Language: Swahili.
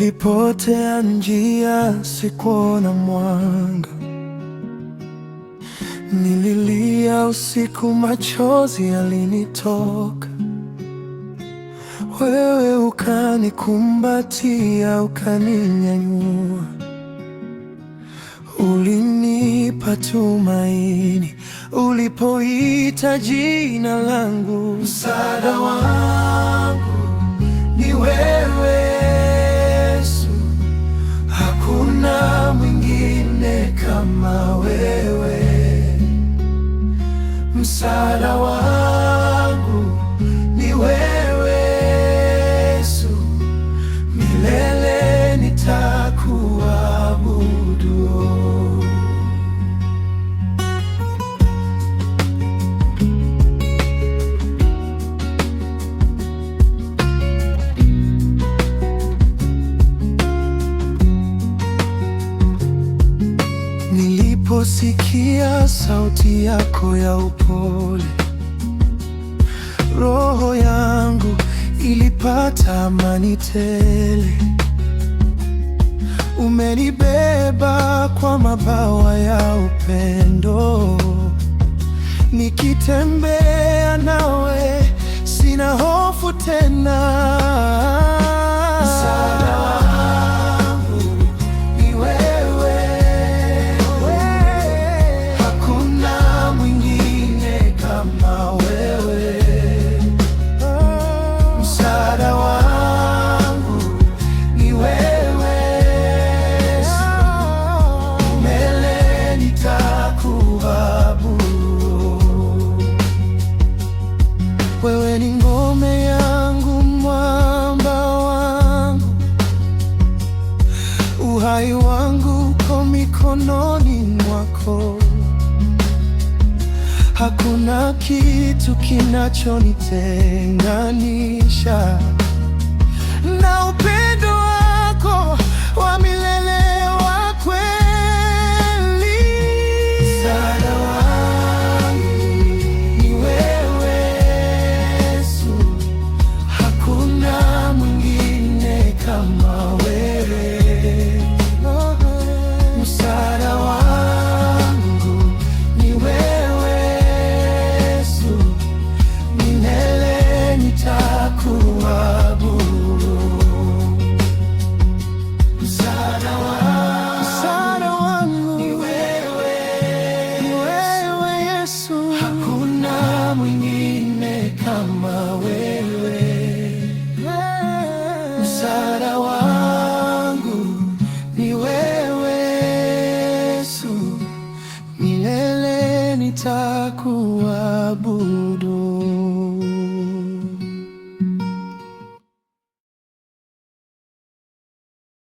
Nilipotea njia, sikuona mwanga, nililia usiku, machozi yalinitoka. Wewe ukanikumbatia, ukaninyanyua, ulinipa tumaini ulipoita jina langu, msaada wangu Ninaposikia sauti yako ya upole, roho yangu ilipata amani tele. Umenibeba kwa mabawa ya upendo, nikitembea nawe sina hofu tena. kwako. Hakuna kitu kinachonitenganisha nitakuabudu.